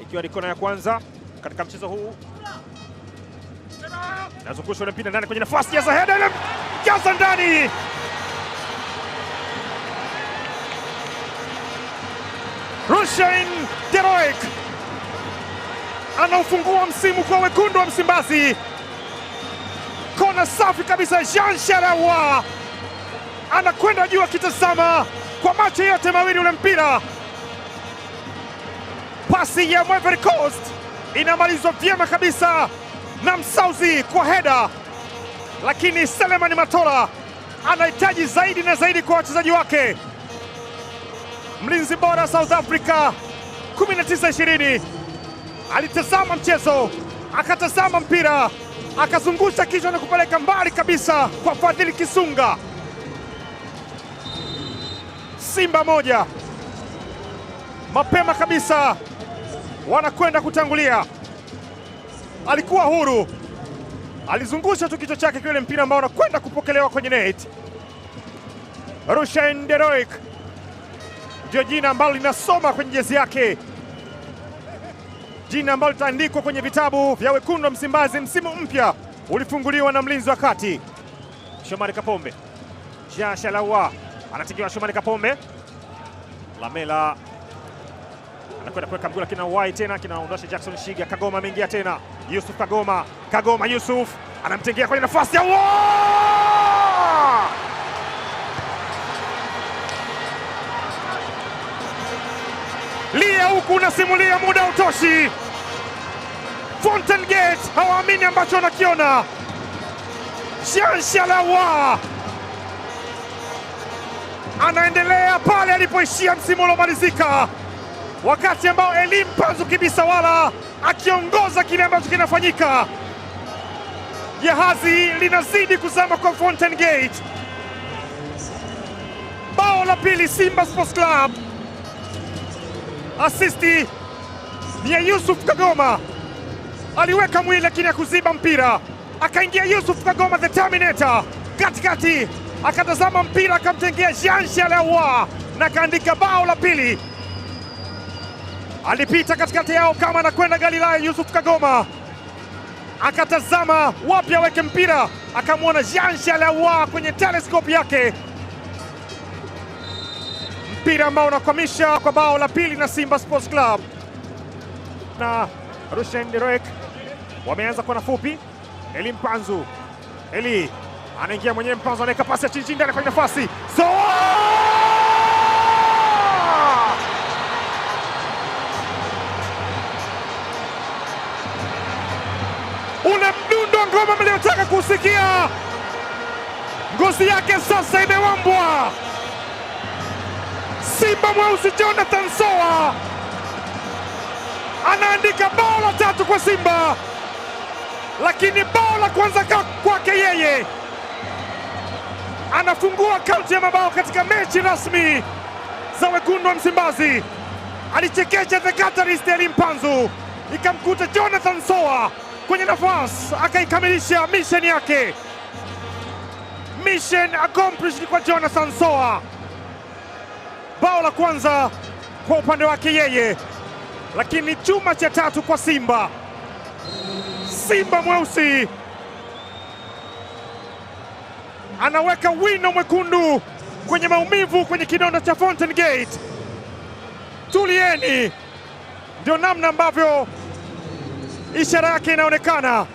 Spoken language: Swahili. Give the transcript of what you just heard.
ikiwa ni kona ya kwanza katika mchezo huu. Nazungusha ule mpira ndani kwenye nafasi ya Zaheda, ile jaza ndani. Rushain Deroik anaufungua msimu kwa wekundu wa Msimbazi. Kona safi kabisa, Jean Sharawa anakwenda juu akitazama kwa macho yote mawili ule mpira. Pasi ya Ivory Coast inamalizwa vyema kabisa na Msauzi kwa heda, lakini Selemani Matola anahitaji zaidi na zaidi kwa wachezaji wake. Mlinzi bora South Africa 19 20 alitazama mchezo akatazama mpira akazungusha kichwa na kupeleka mbali kabisa kwa Fadhili Kisunga. Simba moja mapema kabisa wanakwenda kutangulia. Alikuwa huru, alizungusha tu kichwa chake kiwele mpira ambao unakwenda kupokelewa kwenye net. Rushen Deroik ndio jina ambalo linasoma kwenye jezi yake, jina ambalo litaandikwa kwenye vitabu vya wekundu wa Msimbazi. Msimu mpya ulifunguliwa na mlinzi wa kati Shomari Kapombe. jean Shalawa anatikiwa, Shomari Kapombe, Lamela anakwenda kuweka mguu lakini auwai tena, kinaondosha Jackson Shiga. Kagoma ameingia tena, Yusuf Kagoma. Kagoma Yusuf anamtengea kwenye nafasi ya lia huku unasimulia muda utoshi. Fountain Gate hawaamini ambacho wanakiona. Shanshalawa anaendelea pale alipoishia msimu uliomalizika wakati ambao kibisa wala akiongoza kile ambacho kinafanyika. Jahazi linazidi kuzama kwa Fountain Gate. Bao la pili Simba Sports Club, asisti ni ya Yusuf Kagoma, aliweka mwili lakini akuziba mpira, akaingia Yusuf Kagoma the Terminator katikati, akatazama mpira akamtengea Jean Shalewa na kaandika bao la pili alipita katikati yao kama anakwenda Galilaya. Yusuf Kagoma akatazama wapi aweke mpira, akamwona Janshi aliaua kwenye teleskopi yake, mpira ambao unakwamisha kwa bao la pili na Simba Sports Club na Rushen Derek wameanza kona fupi. Eli Mpanzu, Eli anaingia mwenyewe, Mpanzu anaweka pasi ya chini chini ndani kwenye nafasi ule mdundo ngoma mliotaka kusikia, ngozi yake sasa imewambwa. Simba mweusi Jonathan Soa anaandika bao la tatu kwa Simba, lakini bao la kwanza kwake yeye. Anafungua kaunti ya mabao katika mechi rasmi za wekundu wa Msimbazi. Alichekecha The Catalyst Elimpanzu ikamkuta Jonathan Soa kwenye nafasi akaikamilisha misheni yake. Mission accomplished kwa Jonathan Soa. Bao la kwanza kwa upande wake yeye, lakini chuma cha tatu kwa Simba. Simba mweusi anaweka wino mwekundu kwenye maumivu kwenye kidonda cha Fountain Gate. Tulieni, ndio namna ambavyo ishara yake inaonekana.